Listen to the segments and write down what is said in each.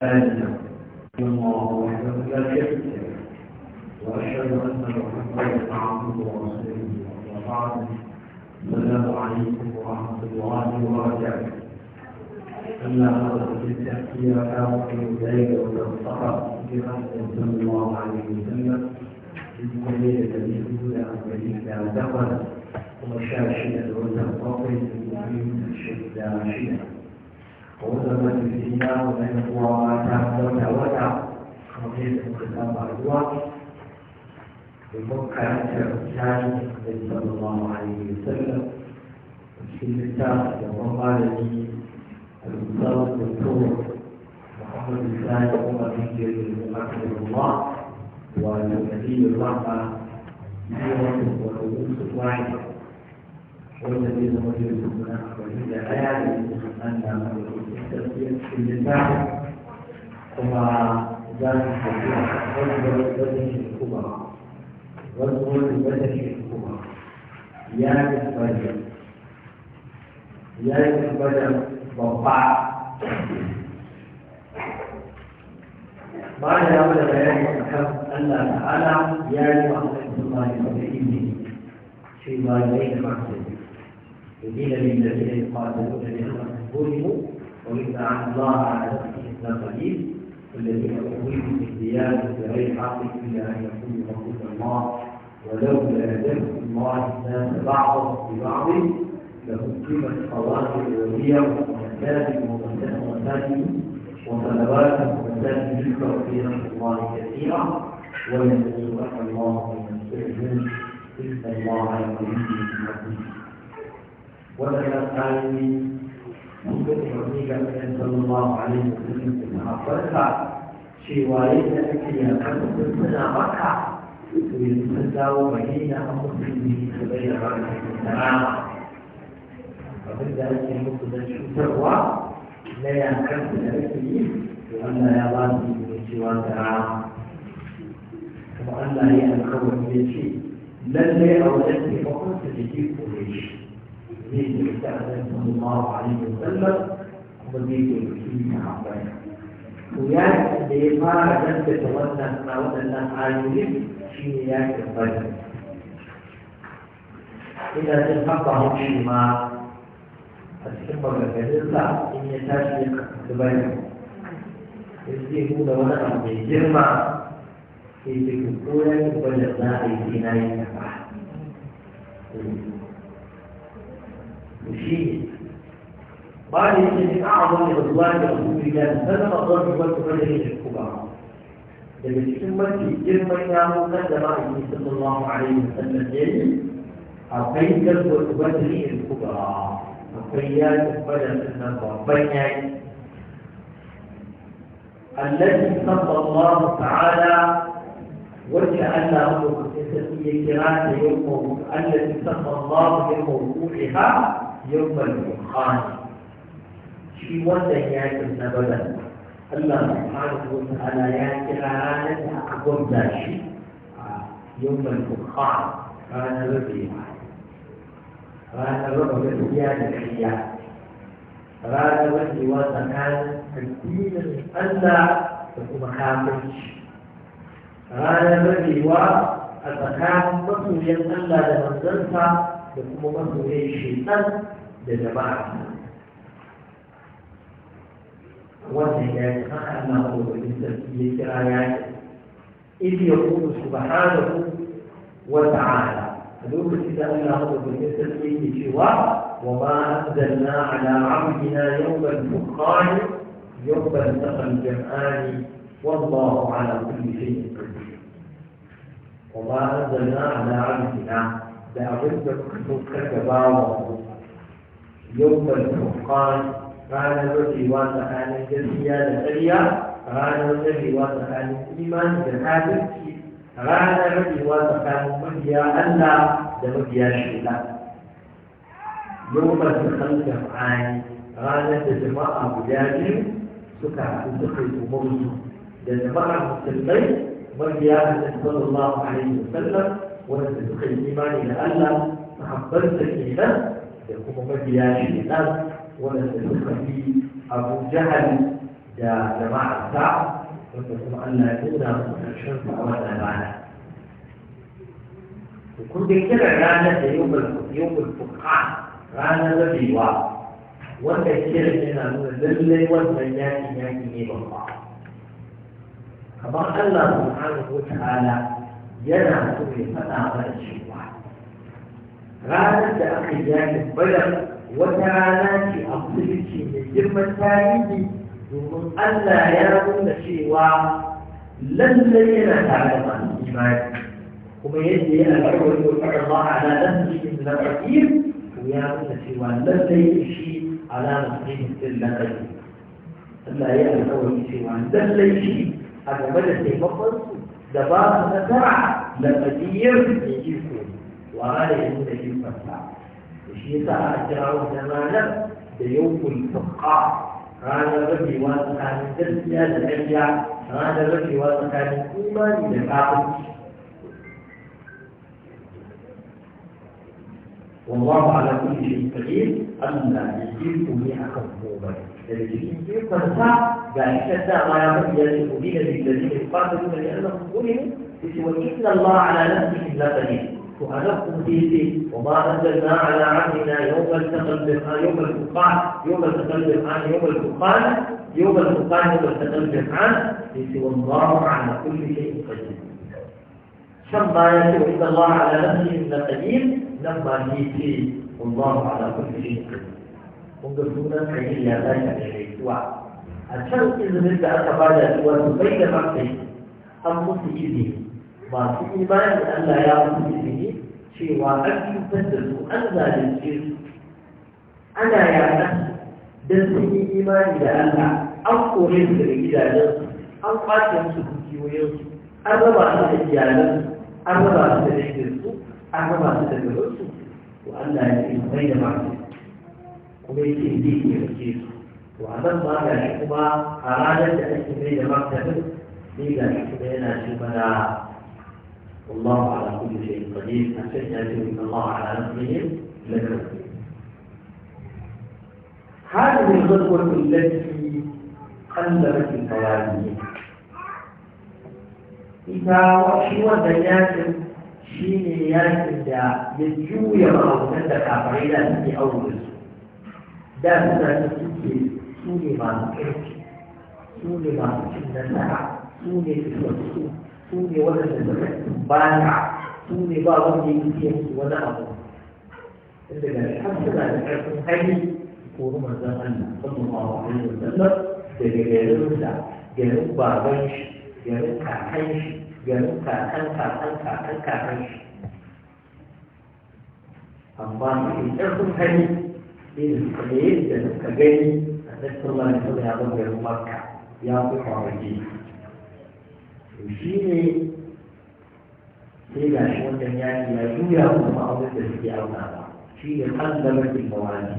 وأشهد أن محمدا عبده ورسوله وبعد السلام عليكم ورحمة الله وبركاته أما هذا التحكير كان في ذلك والصحة بخمسة صلى الله عليه وسلم في القليل الذي يقول عن ذلك دخل وشاشية وتنقطع في الشدة عشية وسلم الإسلام بين قوامات وتا وتا خطير الإسلام بعدها بمكة الشاهد النبي صلى الله عليه وسلم في الكتاب وقال لي الأستاذ محمد الثاني عمر بن جرير رحمه الله ونبي الرحمة يوسف ويوسف واحد والذين وجدوا وجد آيات أن التفسير في اللسان وما ذلك التفسير والبدن الكبرى واذكر البدن الكبرى يا البدن يا البدن ضبع بعد هذا البيان وتحب الله تعالى يا أيها الله يهديني فيما بين محسنين وقيل للذين يقاتلون لأنهم ظلموا وإن الله على نفسه لقدير والذين أخرجوا من ديارهم بغير حق إلا أن يكونوا ربنا الله ولولا دفع الله الناس بعضهم ببعض لقدمت صلاه الولية ومكاتب ومساجد وصلوات ومساجد يذكر في الله كثيرا وينصرك الله من إن الله يقول وكان قائمي ممكن أن النبي صلى الله عليه وسلم في محفظة في وايد أكل يقدم سنة مكة ويتسداو مدينة أمر به سبيل عليه السلام فبدأ أكل مقصد شو تقوى لا يقدم أكل وأن يا الله من سوى تعالى وأن لا يأكل من شيء لن يعود أكل فقط تجيب كل شيء بيت الكعبة صلى الله عليه وسلم وبيت الكعبة عباية وياك اللي ما لم تتولى ما ولنا عايزين في ياك الغيب إذا تنفقه فيما أتحب بكذلك إن يتاشي تبين يجي هو لو أنا في جرمة في تكتورة وبلغنا أيدينا يتبع مشيت قال ان من اعظم رضوان رسول الله سلم الرجل والبدنيه الكبار daga cikin mafi girman yamukan da ma'aikin sallallahu alaihi wasallam ya yi akwai gaswar ubangiji in kuka akwai yakin badan sunan babban yaki الذي صلى الله تعالى وجه الله في يومه التي صلى الله بموضوعها يوم الفرقان في wannan yakin na badar Allah subhanahu wa ta'ala ya kira ranar da aka gwamza shi a yawmal furqan ranar rabewa ranar raba gaskiya da kariya ranar rabewa tsakanin addinin Allah da kuma kafirci ranar rabewa a tsakanin masoyan Allah da manzansa da kuma masoyan shaitan da jama'a wannan ya yi haka Allah a wajen sarki ya kira ya yi ibi ya kuma subhanahu wa ta'ala a lokacin da Allah a wajen sarki yake cewa وما أنزلنا على عبدنا يوم الفرقان يوم التقى الجمعان والله على كل شيء قدير وما أنزلنا على عبدنا لابد ان تكتب بعض يوم الفرقان قال الرجل وانت حالي جزية لتريا قال الرجل وانت حالي إيمان جهادك قال الرجل وانت حالي مهيا ألا دمجيا شلا يوم الخلق عاني قال تجمع أبو جاجم سكع تدخل مرسو في البيت مهيا صلى الله عليه وسلم wanda suka yi imani da Allah sahabbansa kenan da kuma mabiya shi nan wanda suka fi Abu Jahal da jama'arsa wanda kuma Allah ya nuna mu karshen sa a wannan rana kun da kira ranar da yawmul furqan ranar rabewa wanda kira yana nuna lallai wannan yaki yaki ne babba kamar Allah subhanahu wa ta'ala yana so ya faɗa mana cewa ranar da aka yi yakin badar wata rana ce a musulunci mai girman tarihi domin Allah ya nuna cewa lallai yana tare da masu imani kuma yadda yana alƙawari wa faɗa ba a ala nasirin na ƙarfiyar to ya nuna cewa lallai shi ala nasirin na ƙarfiyar Allah ya alƙawari cewa lallai shi a game da taimakon su دابا تتبع لما دير يجي يكون وعلى يوم يجي يفتح الشيء تعالى زمانا بيوم الفقاع هذا الرجل واسقى من تلسيا لأجيا هذا الرجل واسقى من كوما والله على كل شيء قدير أن لا يجيكم لأخذ مؤمنين لكن كيف تنفع بعد كذا ما يعمل ذلك أبين بالذين يقاتلون لأنهم ظلموا سوى إن الله على نفسه لا قدير وأنفهم به وما أنزلنا على عبدنا يوم التقى الجمعان يوم الفرقان يوم التقى الجمعان يوم الفرقان يوم الفرقان يوم التقى الجمعان سوى الله على كل شيء قدير ثم يسوى إن الله على نفسه لا قدير لما يجي والله على كل شيء قدير kun ga sunan kaji ya tashi a daidaituwa a can izinin da aka bada shi wato bai da makai an musu izini masu imanin Allah ya musu izini cewa an cutar da su an zalunce su ana yaƙa don sun yi imani da Allah an kore su daga gidajensu an kwace musu su an raba su da iyalansu an raba su da su an raba su da su to Allah ya ce mai da masu kuma yake yi ke rike su to a nan ma ga shi kuma a ranar da ake mai da martanin sai ga shi kuma yana ce mana والله على كل شيء قدير أحسن أن الله على نفسه لكم هذه الخطوة التي قلبت البيانية إذا وحشوا بيانات شينيات da ya juya ma'aunanta kafarai da suke aure su da mutane suke su ne masu ƙarfi su ne masu cin nasara su ne fitowar su ne waɗanda suka baya su ne ba wanda ya fiye musu wani abu inda ga har suna da ƙarfin hali ko rumar zaman da kuma alaihi wa sallam daga garin da garin baban shi garin kakan shi garin kakan kakan kakan kakan shi amma mafi ƙarfin hali ليه ده استجاني أساس الله يقول يا رب يا مكة يا رب عربي وشيني sai ga shi wannan yaki ya juya wa ma'aunin da suke aunawa shi ne kallabar ilmawani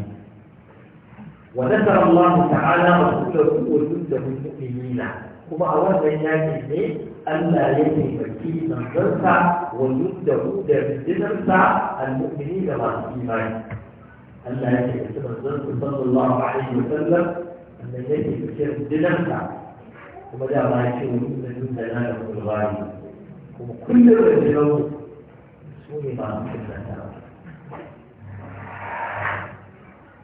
wa nasara Allah ta'ala rasulahu wa jundahu mu'minina kuma a wannan yakin ne Allah ya taimaki manzansa wa jundahu da rundunarsa al-mu'mini da masu imani أن يكتب الرسول صلى الله عليه وسلم أن يكتب الشرك بنفسه وبدأ ما يشوف من دلالة الغالي وكل رجل سوني ما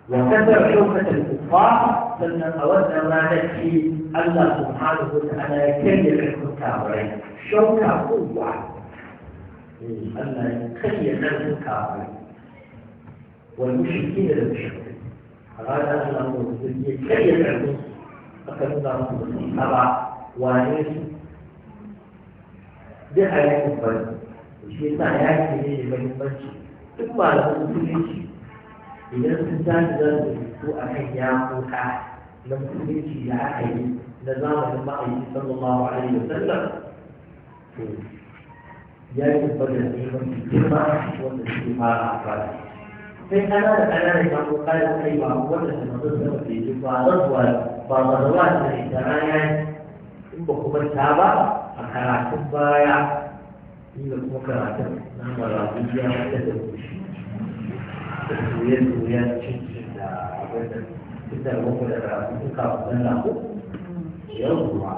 وكثر شوكة الكفار لأن أود ما نكفي الله سبحانه وتعالى يكلم الكافرين شوكة قوة أن يكلم الكافرين والمشركين يشركوا هذا الأمر الذي كي يفعلون فقد صار الصحابة وانيس ده حياة مفرد وشيء ما يأتي ليه من المنشي ثم على شيء إذا الإنسان إذا سوء أحد يعقوك لم تكن لا أحد نظام المعي صلى الله عليه وسلم يجب أن يكون في الجمع والاستماع على sai kana da kana da ka kuka kai ba wanda ta mutum da ke ji ba zarwa ba zarwa da ita rana in ba ku manta ba a karatun baya in inda kuma karatun na marabu ya ta da kushi da soye-soyen cincin da abin da ita da muku da karatu suka kusan lafu yau kuma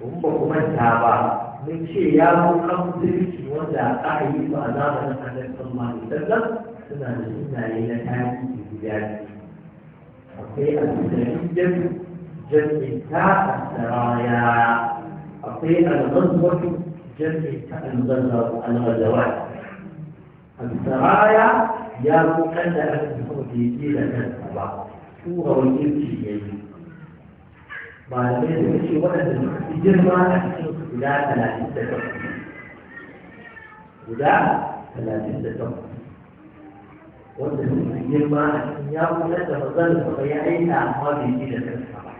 in ba ku manta ba mun ce ya zo kan mutunci wanda aka yi ba a zamanin annabi sallallahu alaihi wasallam suna da sunaye na tarihi guda akwai al-sarayyar jami'in ta al-saraya akwai al-ghazwat jami'in ta al-ghazawat al-saraya ya bukan da aka fi kuma ke da kansa ba tura wani yanki ya yi ba da ne da ce waɗanda suka fi girma a cikin guda talatin da takwas guda talatin da takwas wanda suka girma a cikin ya kula da mazan da ya aika amma bai ji da kansa ba.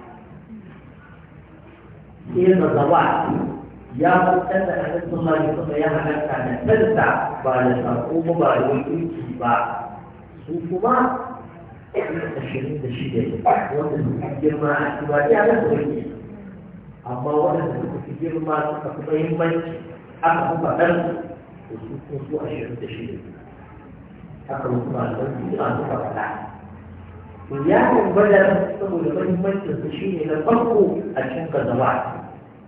Sai mazawa ya kula da hannun sun mali suka ya halatta da kansa ba da sako ba ba da wani ba. Su kuma ashirin da shida wanda suka girma a cikin ba ya halatta wani amma waɗanda suka fi girma suka fi mahimmanci aka fi faɗar su su ashirin da shida. haka mutum a ɗauki suna suka faɗa yakin badar saboda mahimmancin su shine na farko a cikin gazawa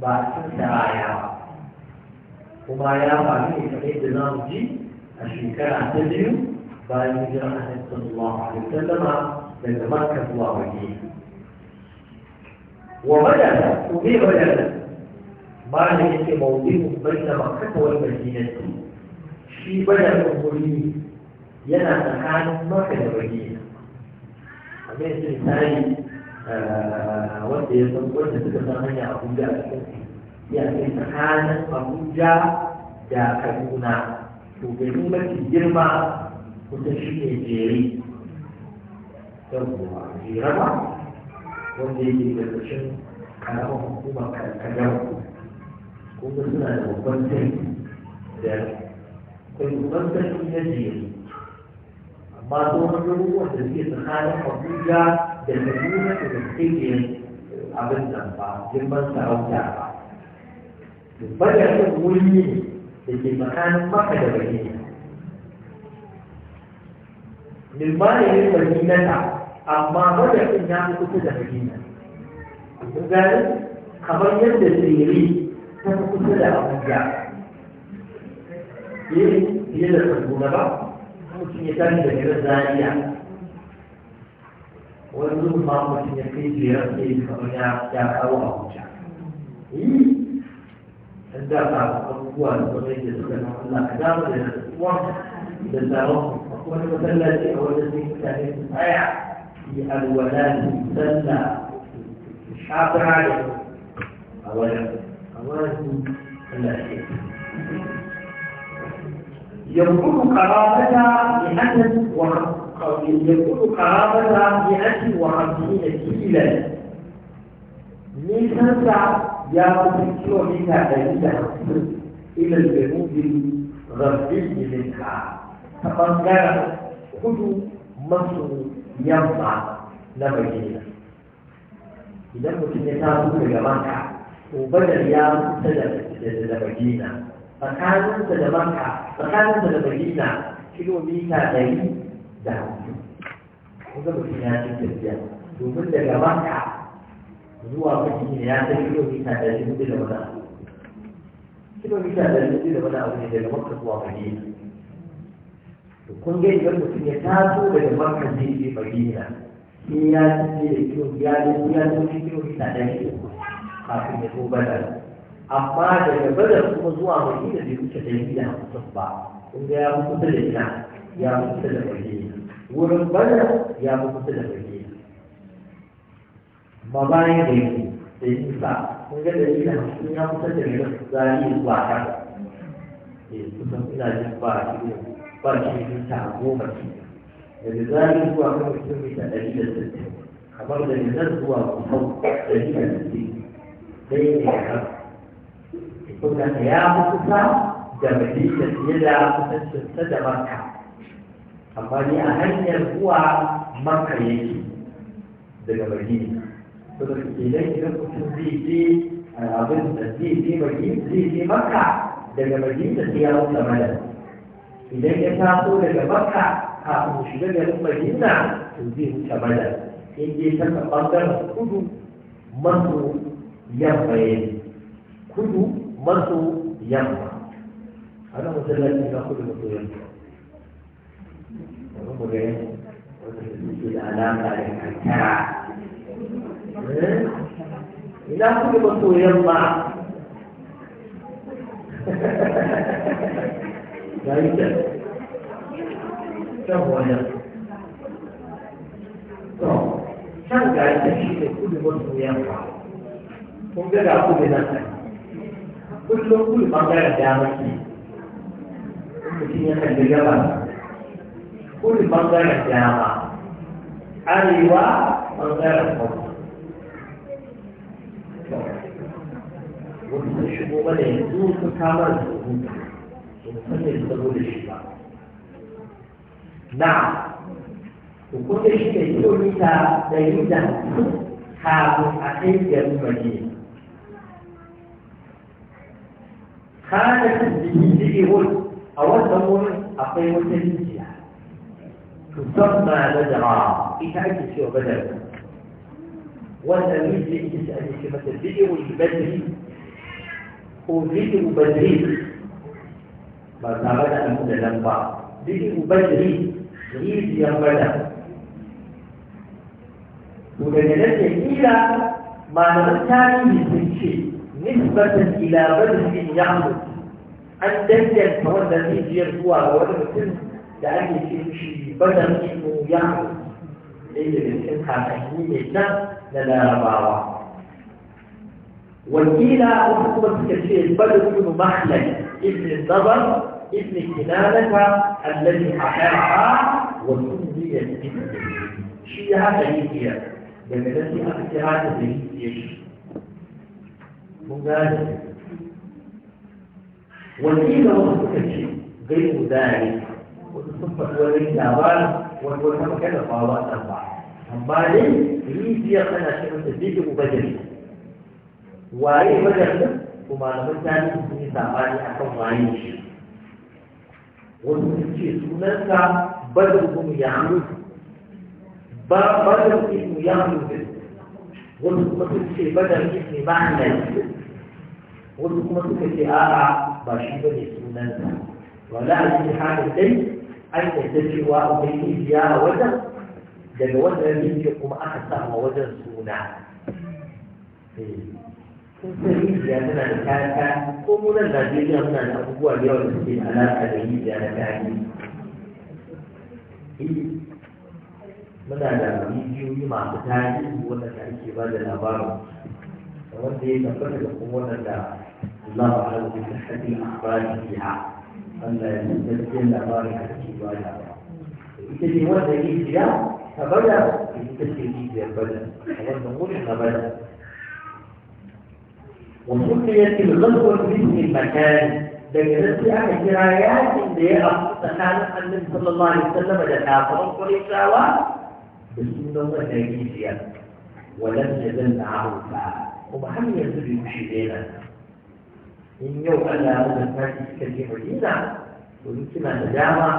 ba a cikin saraya ba kuma ya faru ne kamar yadda za mu ji a shekara ta biyu bayan hijirar annabi sallallahu alaihi wasallama daga makka zuwa madina وبدأ وفي بدأ بعد ذلك موضوع بين مكة والمدينة في بدأ الأمورين yana tsakanin maka da madina amma yanzu misali wanda ya san wanda suka san hanya abuja a cikin ya ce tsakanin abuja da kaduna to gari mafi girma kusan shi ne jere yawwa jere ba wanda yake gargashin karamar hukumar kankanar kuma suna da babban sarki da akwai babban sarki na jere ba su wani abubuwan da suke tsakanin abuja da kaduna da da suke abin nan ba girman sarauta ba badar ɗin wuri ne da ke tsakanin maka da bari limani ne bari nata amma badar ɗin ya fi kusa da bari na gani kamar yadda tsere ta fi kusa da abuja eh, fiye da kaduna ba mutum ya tashi da garin zariya wani zuwa ma mutum ya kai biyar sai kamar ya ya kawo abuja yi an da ba abubuwa da kuma yake suka na Allah ka damu da rasuwa da tsaron akwai wani masallaci a wajen sai mutane su tsaya yi alwala su shafira da a wajen a wajen Allah يكون قرابتها بأن يقول قرابتها بأن وخمسين كيلا نيسانسا يأخذ كيلومتر بعيدة إلى الجنوب الغربي منها فقال خذوا مصر ينفع لبجينا إذا كنت نتابع في جماعة وبدل يا سلام لمدينة sa da maka, makka sa da madina kilomita ɗari da hamsin kusa mutum ya ci tafiya domin daga makka zuwa madina ya ta kilomita ɗari hudu da wani abu kilomita ɗari hudu da wani abu ne daga makka zuwa madina to kun ga idan mutum ya taso daga makka zai je madina sai ya ci da kilomita ɗari hudu. kafin ya zo badar amma daga badar kuma zuwa madina bai wuce ɗari da hamsin ba kun ga ya fi kusa da ina ya fi kusa da madina wurin badar ya fi kusa da madina ma bayan da yake da nisa kun ga ɗari da hamsin ya kusa da madina zari zuwa haka eh kusan ina jin ba shi ba shi ne ta goma ce daga zari zuwa kan kilomita ɗari da sittin kamar daga nan zuwa kusan ɗari da sittin ɗaya ne haka saboda ya fi kusa da madina fiye da kusancinsa da makka amma ni a hanyar zuwa makka yake daga madina saboda idan idan mutum zai je abin da zai je madina zai je makka daga madina sai ya wuce madana idan ya taso daga makka kafin shiga garin madina to zai wuce madana in dai ta ɓangaren kudu maso yamma kudu Bantu yang Ada masa lagi aku dengan tu yang Kalau boleh Tidak ada eh? yang ada yang Ini aku dengan tu yang Baik kan Kau boleh Kau Sangka itu Kau yang Kau dengan tu kullum kullum bangaren dama ke mutum ya kalli gaba kullum bangaren dama arewa bangaren kwamfa wasu sun shigo mana yanzu sun kamar da hutu musamman su zabo da shi ba na hukumar shi ne kilomita ɗari da kafin a kai garin madina خالفت به ذئب أو الضمور أقيم التنسية تسمى بدرا إتأكد في بدر والأميز يسأل كلمة الذئب البدري هو ذئب بدري ما تعرض أنه للمبا ذئب بدري غيب ينبدا ودلالته إلى ما نمتعني من شيء نسبة إلى بذل يعمل أن تنتهي فهو الذي يرجوع وهذا السن لأنه في شيء بدل إنه يعمل ليس بالسن حاكمين النفس لنا رباوة والجيلة أخذت كثير بدل إنه محلك إذن الضبر إذن كنانك الذي أحرها وسميت ابن شيء هذا هي لأنه لما التي أفتها تدريس mun gane wakila wasu suka ce gaibu dare wasu sun faɗi wani labarin wani wani kuma kada ba ba ɗan ba amma dai rijiyar tana shirin da zai ubajin waye bajar ɗin kuma da mutane sun yi saɓani a kan waye shi wasu sun ce sunansa badar kuma ya hannu ba badar kuma ya hannu wasu kuma sun ce badar kuma ya hannu wasu kuma suka ce a'a ba shi ba ne sunansa wala a cikin halin dai an yadda cewa ubangiji ya a wajen daga wannan rijiyar kuma aka sama wajen suna kun eh, san rijiya tana da kaya ko mu nan najeriya suna da abubuwa da yawa da suke alaƙa da rijiya na kaya eh, muna da rijiyoyi masu tarihi waɗanda ake ba da labarin wanda ya tabbata da kuma waɗanda الله أعلم بصحة الأخبار فيها ألا يستبدل أخبارك التجارة يستبدل ورد الإجراء فبدأ يستبدل الإجراء بدأ أولا نقول فبدأ وسميت الغزوة باسم المكان دجلت عن الدرايات اللي تخالف النبي صلى الله عليه وسلم لكافر قريشاوى بسم الله تجيزيا ولم يزل معه فعل ومحمد يزل يمشي بيننا in yau Allah ya rubuta ki kika je Madina domin kina da dama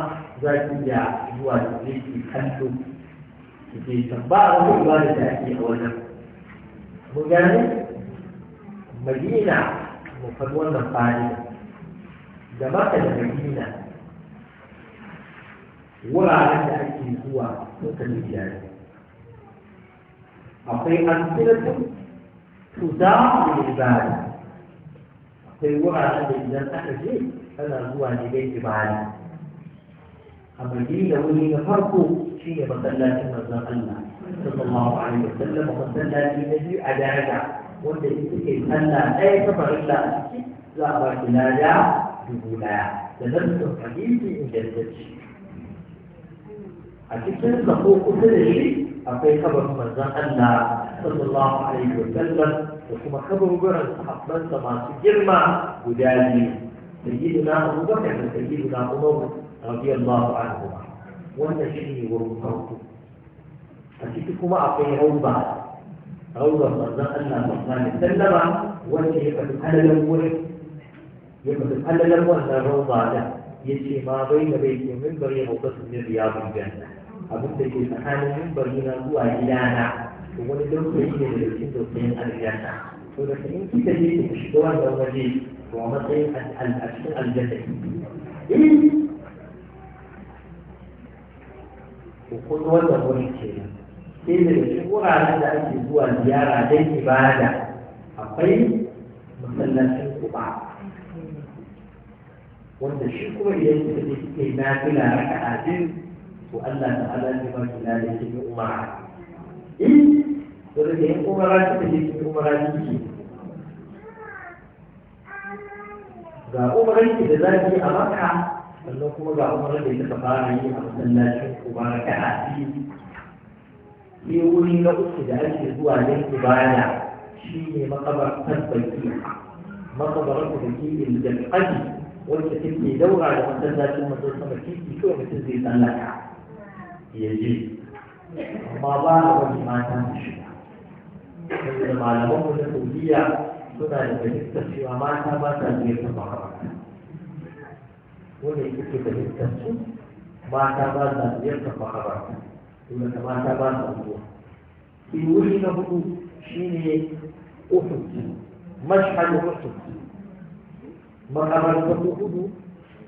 za ki iya zuwa da je ki kallo ki je can ba a wani ibada da ake a wajen Mu gane Madina mu faɗi wannan fa'ida da maka da Madina wuraren da ake zuwa suka biya ne akwai an tilatun tu za mu ibada sai wuraren da idan aka je tana zuwa ne dai ibada a da wuri na farko shi ne masallacin manzon Allah sallallahu alaihi wa sallam masallaci na biyu a daraja wanda shi suke sallah ɗaya ta farilla a ciki za a ba shi lada dubu ɗaya da zartun hadisi ingantacce a cikin sako kusa da shi akwai kabarin manzon Allah sallallahu alaihi wa sallam وكما كبروا برن صحبان سما سجرما ودالي سيدنا أبو بكر سيدنا عمر رضي الله عنهما وانا شيء ورمقوته أتيتكما أقي روضة روضة مرزان الله مرزان سلم وانا يفتح على الأول يفتح على الأول روضة له يجي ما بين بيت من بري روضة من رياض الجنة أبو سيدنا كان من برينا هو إلانا wani lokaci ne da cikin dokokin aljanna to da in kika je ki shiga wannan waje to a matsayin a cikin aljanna to kun wannan wani ke sai da cikin wuraren da ake zuwa ziyara don ibada akwai masallacin kuba wanda shi kuma idan kika je kika yi nafila raka'a biyu to Allah ta'ala ya ba ki lalata ki umara Eh, e, to da yin umara shi da yake umara shi ga umarar da za ki a maka sannan kuma ga umarar da kika fara yi a masallacin kubara ka a sai wuri na uku da ake zuwa yin ibada shi ne makabartar baki makabartar baki ilgal aji wacce take daura da masallacin masallacin titi kawai mutum zai tsallaka ya amma ba a wani mata da shi da malaman mu na saudiya suna da fahimtar cewa mata ba ta ziyartar makaranta wanda ita ce fahimtar su mata ba ta ziyartar makaranta wanda mata ba ta zuwa sai wuri na hudu shine uhud mashhad uhud makarantar hudu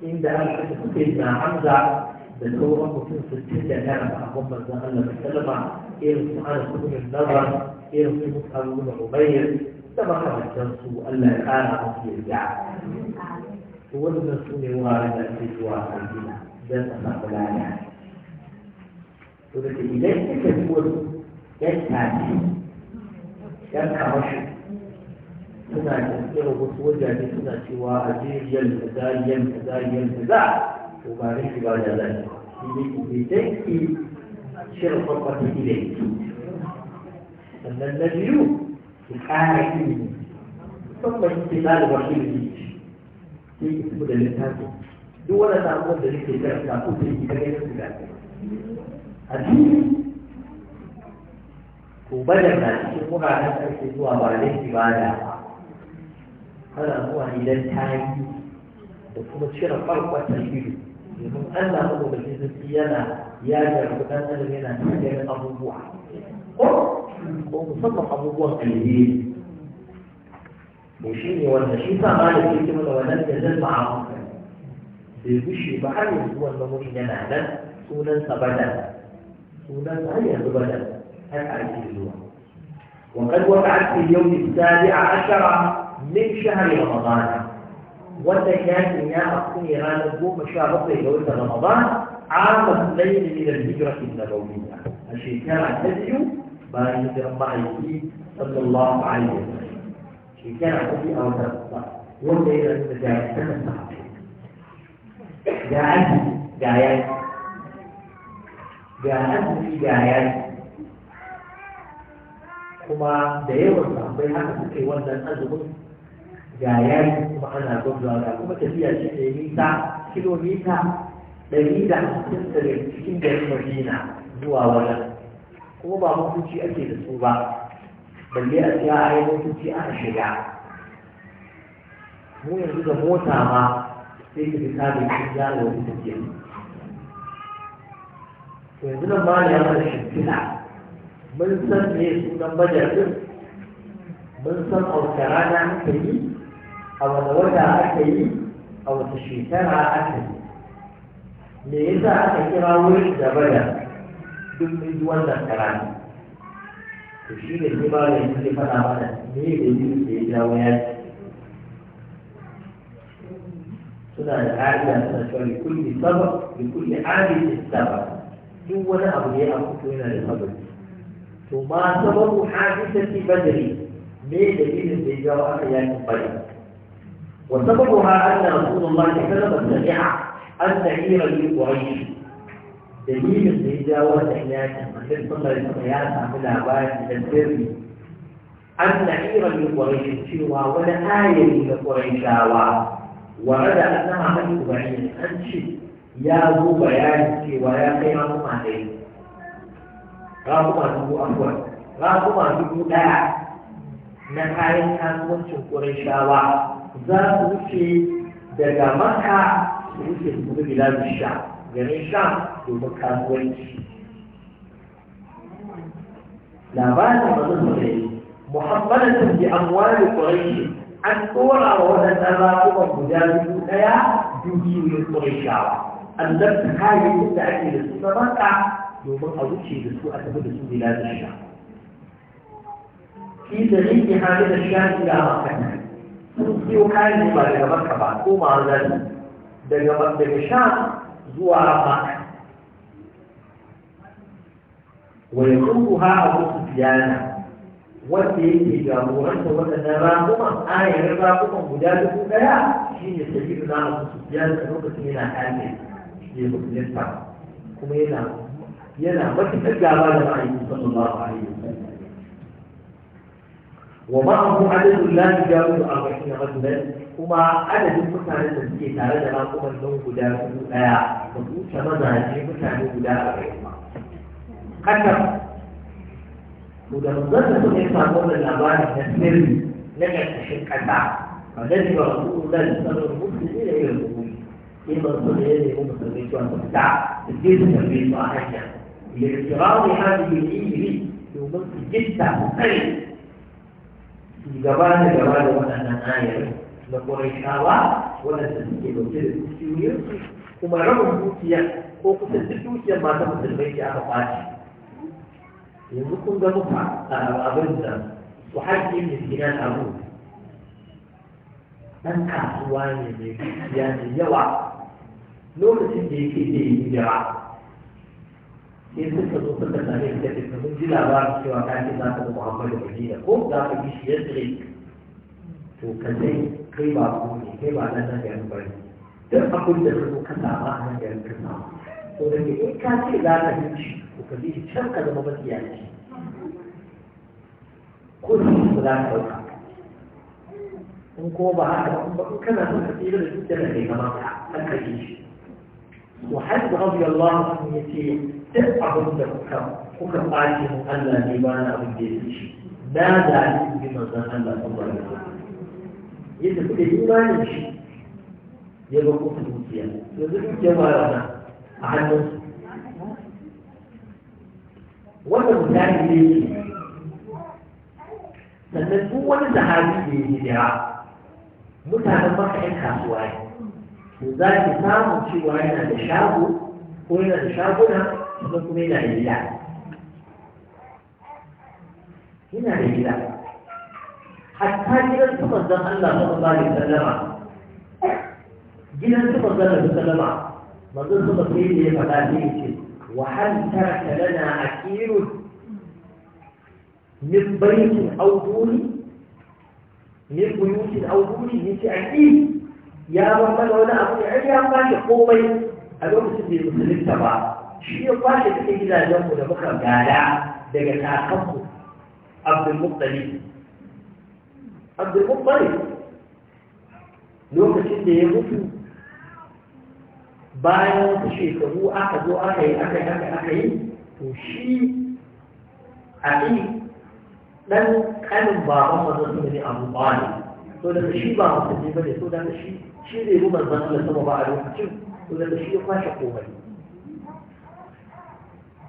inda an kashe kuke na hamza da sauran mutum sittin da tara ba a gwamnan zan Allah da salama irin su ana sukunin nazar irin su mutane na ubayir da makamantan su Allah ya ƙara musu yarda. To wannan su ne wuraren da ake zuwa a gina don a samu lada. To da idan kika ji wasu ‘yan tafi, ‘yan kamashi, suna da irin wasu wajaje suna cewa a jiriyar da zariyar da zariyar da za ومعرفة بعد ذلك لتأتي شرطة إليك أما المجنون الآخرين ثم استقال وحيد في اسم الإنسان دون تعمل ذلك الكلام تعمل ذلك الكلام الحديث وبدل ما تشوفها على أساس هو بعدين بعد هذا هو إلى التعيين وكما تشير الفرق والتجديد يقول ألا هو بالحزب السيانة يا جاك وكان ألم هنا كان أبو بوح قم قم أبو بوح قال بوشيني والنشي فقال لي كم الولاد جزل معهم بوشي بحاجة هو المموري جنا هذا سونا سبدا سونا أي سبدا هل عايز يزور وقد وقعت في اليوم السابع عشر من شهر رمضان wanda yakin ya afku ne ranar goma sha bakwai ga ramadan عام الليل إلى الهجرة النبوية الشيكان تدعو باين جمعيه صلى الله عليه وسلم شيكان تدعو أو تبقى والليلة تدعو تنسى جاءت جاءت جاءت في جاءت kuma da yawan sahabbai haka suke wannan azumin ga yari kuma ana gwamnawa da kuma tafiya ce ne nisa kilomita ɗari da hamsin daga cikin garin madina zuwa wajen kuma ba mutunci ake da su ba balle a siya a yi mutunci ana shiga mu yanzu da mota ma sai ka fi kare shi ya da tafiya to yanzu nan ma ya mana shimfiɗa mun san me sunan bajar din mun san aukarana ta yi a wani wata aka yi a wata shekara aka yi me yasa aka kira wurin da bada duk mun wannan karatu to shi ne ke ba da yake mana me da yi da jawo ya suna da ƙa'ida suna duk wani abu ne a fito yana da me dalilin da ya jawo aka وسببها أن رسول الله صلى الله عليه وسلم سمع أن تعير لقريش دليل الزجاوة إحيانا مثل صلى الله عليه وسلم عباد السر أن تعير لقريش شوى ولا آية لقريشاوى ورد أنها من بعيد أنشد يا أبو بيان شوى يا خير مهدي رغم أنه أفضل رغم أنه لا نحايا كان وجه قريشاوى za su wuce daga maka su wuce su kuma biladun sha garin sha domin kasuwanci labarin mazan da yi muhammadatun bi amwali quraish an tsora wa waɗannan rafukan guda biyu ɗaya dukiyoyin qurayshawa annabta kayayyakin da ake da su na maka domin a wuce da su a tafi da su biladun sha في طريق هذا الشام إلى مكة sun siyo kayan ba daga maka ba ko ma zan daga daga sha zuwa makka wa yakuha abu sufyana wanda yake jagoranta waɗannan ramuman ayarin ramuman guda dubu ɗaya shi ne sabiru na abu sufyana a lokacin yana kame ya musulunta kuma yana yana matuƙar gaba da ma'aikin sallallahu alaihi ومعه عدد لا يجاوز 40 رجلا وما عدد المتعلم الذي تعرض لكم النوم بلا لا وتوش مزاجي متعلم بلا أربعين حتى مجرد أن يفهمون الأبواب التسمير لم يستحق البعض فجذب رسول الله صلى الله عليه وسلم إلى القبول إما عليه وسلم بالتربية والمتع الدين التربية وأحيانا لاقتراض هذه الإيمان يمثل جدا مختلف gaba da gaba da waɗannan ayar na ƙuraishawa waɗanda suke ɗauke da dukiyoyinsu kuma rabin dukiya ko kusan duk dukiyar mata musulmai ke aka kwace yanzu kun ga muka abin da su haƙƙi ne gina abu ɗan kasuwa ne mai dukiya da yawa lokacin da yake da yi yawa. sai suka zo suka same shi da fitna mun ji labarin cewa ka ce za ka ga Muhammadu Madina ko za ka bi shi Yasrib to ka dai kai ba ku ne kai ba nan nan garin bari duk abin da ka ka sama a nan garin ka sama to da ke in ka ce za ka bi shi to ka bi shi can ka zama matsiyaci ko da shi ba za ka ɗauka in ko ba haka ba in kana son ka tsira da dukiyar da kai kamata an ka bi shi وحسب رضي الله عنه يسير duk abin da kuka kuka ɓaci mun Allah ne ba na abin da ya fi shi na da ni bi manzon Allah sallallahu alaihi wasallam yadda kuke imanin shi ya ga kuka dukiya yanzu dukiya ba rana a hannun wannan misali ne ke sannan duk wani sahabi da ya hijira mutanen maka yan kasuwa ne to za ki samu cewa yana da shago ko yana da shaguna sannan kuma yana da gida yana da gida hatta gidan su manzon Allah sallallahu alaihi wasallama gidan su manzon Allah sallama manzon su manzon ya faɗa ne ce wa hal taraka lana akirun min baitin aw duni min buyutin aw duni ya ba mana wani abu ya ba komai a lokacin da ya ta ba shi ya kwashe cikin gidajenku da muka gada daga kakanku abdulmuttali abdulmuttali lokacin da ya mutu bayan wata shekaru aka zo aka yi aka yi aka yi to shi a yi ɗan ƙanin baban mazan su ne abu ɓani To daga shi ba musulmi ba ne to daga shi shi ne mu manzan Allah sama ba a lokacin To daga shi ya kwashe komai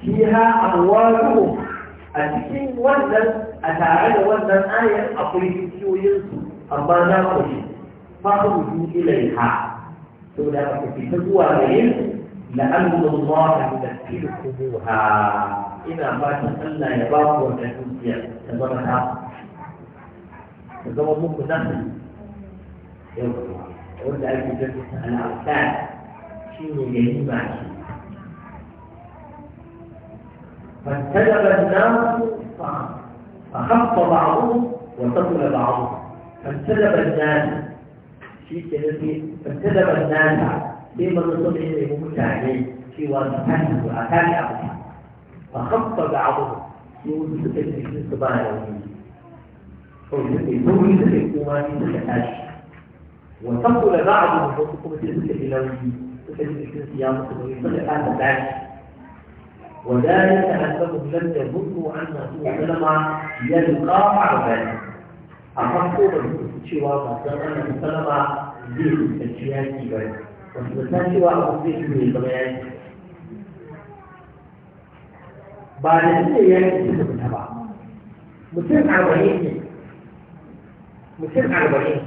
فيها أموالهم أتكين وزن أتعالى وزن آية أقول كيو ينسو أما لا قل فخرجوا إليها ثم في تزوى لأن لأمن الله يذكركموها إذا ما يا باب وتكوتيا تزمها تزمى ممكن نفسي يوم الله أقول لأيك جنة الأوثان شروع الناس فخف بعضهم وثقل بعضهم فاتجب الناس في كذلك فاتجب الناس في مرسل إليه مكاني في وانتهي وآتاني أبدا فخف بعضهم سوز تكتب في الصباح يومي فوزي تكتب في الصباح يومي وتطل بعضهم وتطل بعضهم وتطل بعضهم وذلك أنه لم يبدو أن رسول يلقى عباده أحقوا بالكتشوى مثلا أن السلام زيه التجيات إبعاد يلقى أصيح من بعد ذلك يأتي بسبب الهبع مسلم عربعين مسلم عربعين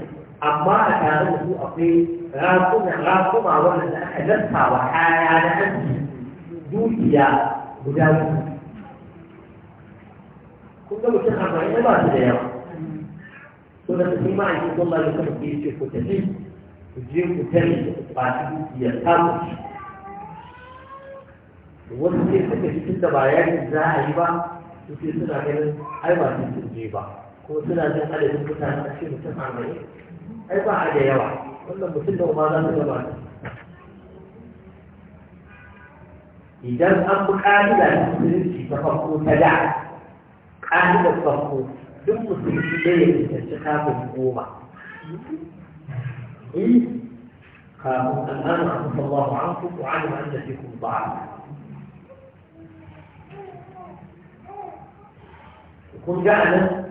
amma a tare da su akwai rakuna rakuma wanda aka lafta wa kaya na aiki dukiya guda biyu kun ga mutum arba'in ba su da yawa so da su ma yi kuma da kuma ke ce ku tafi ku je ku tare ku ba su dukiya ta ku wasu ke suka cikin da ba yakin za a yi ba su ke suna ganin ai ba su je ba ko suna jin adadin mutane a cikin mutum arba'in ai ba a da yawa wannan mutum da ma za mu gaba idan an bi ƙa'ida da musulunci ta farko ta da ƙa'idar farko duk musulunci da ya fuskanci kafin goma kafin al'ana a kusa Allah an kuku alim an da fi kun ba kun ga nan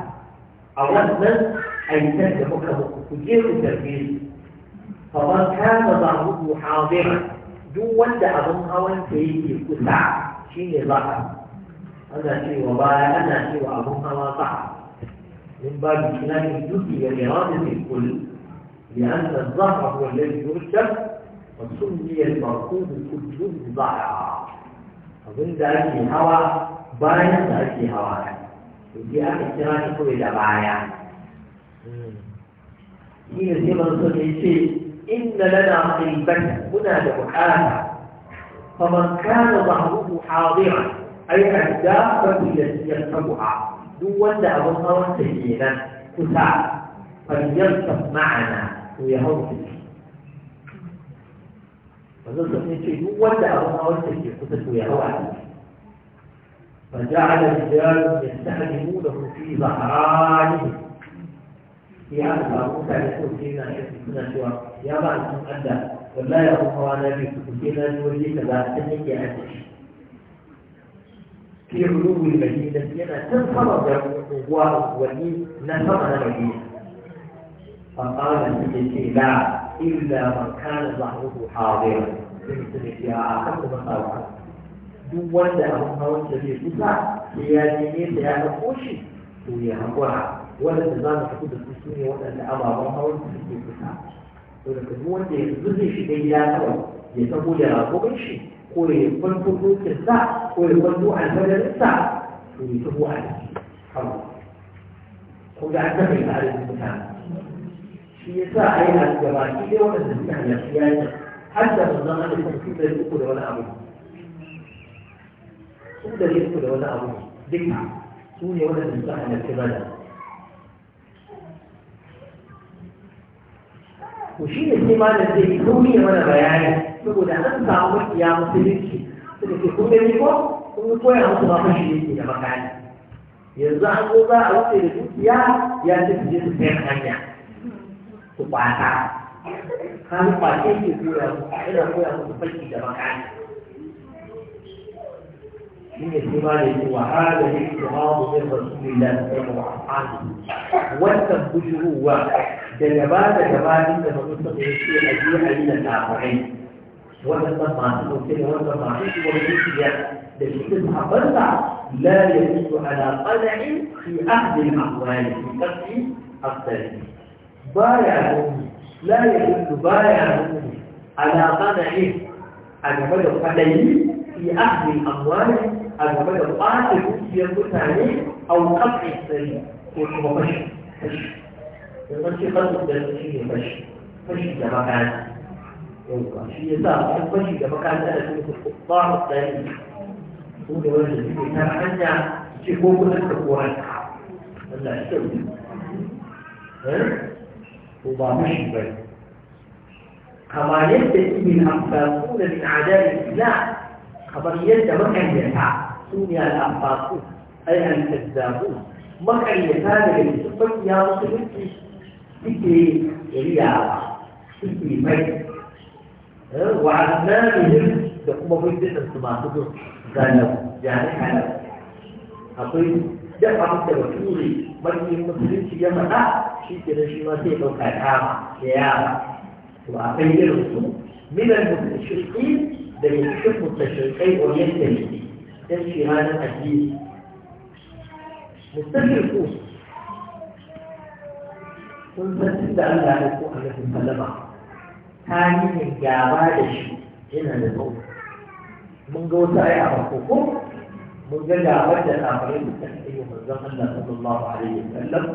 أولا أن تسلكه كثير التركيز فمن كان ظهره حاضرا دون دعم هوان فيه كسع شيء ظهر أنا شيء وبايا أنا شيء وأبو هوا ظهر من باب خلاف الجزء لإرادة الكل لأن الظهر هو الذي يركب وسمي المركوب كل ظهر أظن ذلك هوا باين ذلك هوا Jadi apa istilah itu tidak bayar. Ini dia Rasul Isi. Inna lana qilbatan huna duhaha. Faman kana dhahruhu hadiran. Ay ahdafatu ilati yarkabuha. Duk wanda abun hawan sa kenan kusa. Falyarkab ma'ana. To ya hau Rasul Isi duk wanda abun hawan sa ke kusa to ya hau a فجعل الرجال يستخدمونه في ظهرانه في هذا الأمر كان يقول فينا حسنا شوى يا بعض المؤدى ولا يا أخوانا بك فينا نولي كذا سنك يا في علوم المدينة فينا تنفرد أبواب ولي نفرنا المدينة فقال سيدي لا إلا من كان ظهره حاضرا في مثل يا أحد من duk wanda abin hawan da zai kusa sai ya je nesa ya ɗauko shi to ya haƙura waɗanda za mu tafi da su su ne waɗanda ababen hawan da suke kusa to da kuma wanda ya zai shiga gida kawai ya tabo da rakomin shi ko ya kwanto dokinsa ko ya kwanto alfadarinsa to ya tabo a ciki kawai ko da an taɓa yi tsarin mutane shi ya sa a yi a gabaki ɗaya waɗanda suka halarci yayin har da manzon Allah sun fi da uku da wani abu su da su da wani abu duka su ne waɗanda suka halarci bada ko shi ne sai malam zai yi kauri ya mana bayani saboda an samu ya musulunci suka ce kun gani ko kun koya musu ba fashi yake da makani yanzu an zo za a wuce da dukiya ya ce su je su sayar hanya su kwata kan kwace ke koya ina koya musu fashi da makani من احتمال وهذا الاعتراض من رسول الله صلى الله عليه وسلم والتنبجر هو جلبات جبال من مصدر الشيء أجيح من الكافرين والتصاعد وكذا والتصاعد والنسية لكن المحبطة لا يجوز على قلع في أحد الأحوال في قتل الطريق بايع لا يجوز بايع على قلع أجمل قلعه في أحد الأموال a game da ɓata dukiyar mutane a wukan tsari ko kuma fashi fashi da sarki kasu da shi ne fashi fashi da makani yauwa shi ya sa an fashi da makani da su ne ɓata tsari ko da wanda suke ta hanya ce ko kudin da koran ka Allah shi kyau ko ba fashi ba كما يستثني الأنفاسون من أعداء الله خبر يد مكان يدفع duniya da afasu ayyukan da zabu makayyata da yake tukwai ya wasu rikki suke riya suke mai wa'azna da yin da kuma hujjitar su masu zo gane jane kanar akwai da abu da bature mafi musulunci ya mata shi ke da shi ma sai ɗauka ta ya yara Su a kai irin su minan mutum shirki da yake shirkin mutum shirkai oriyantar shirki yan shiranin addini mustaqil ku kun san tun da Allah ya ko Allah sun sallama tarihin gaba da shi yana da tsawo mun ga wata ai a ko mun ga gabar da kafirai da suka yi manzon Allah sallallahu alaihi wasallam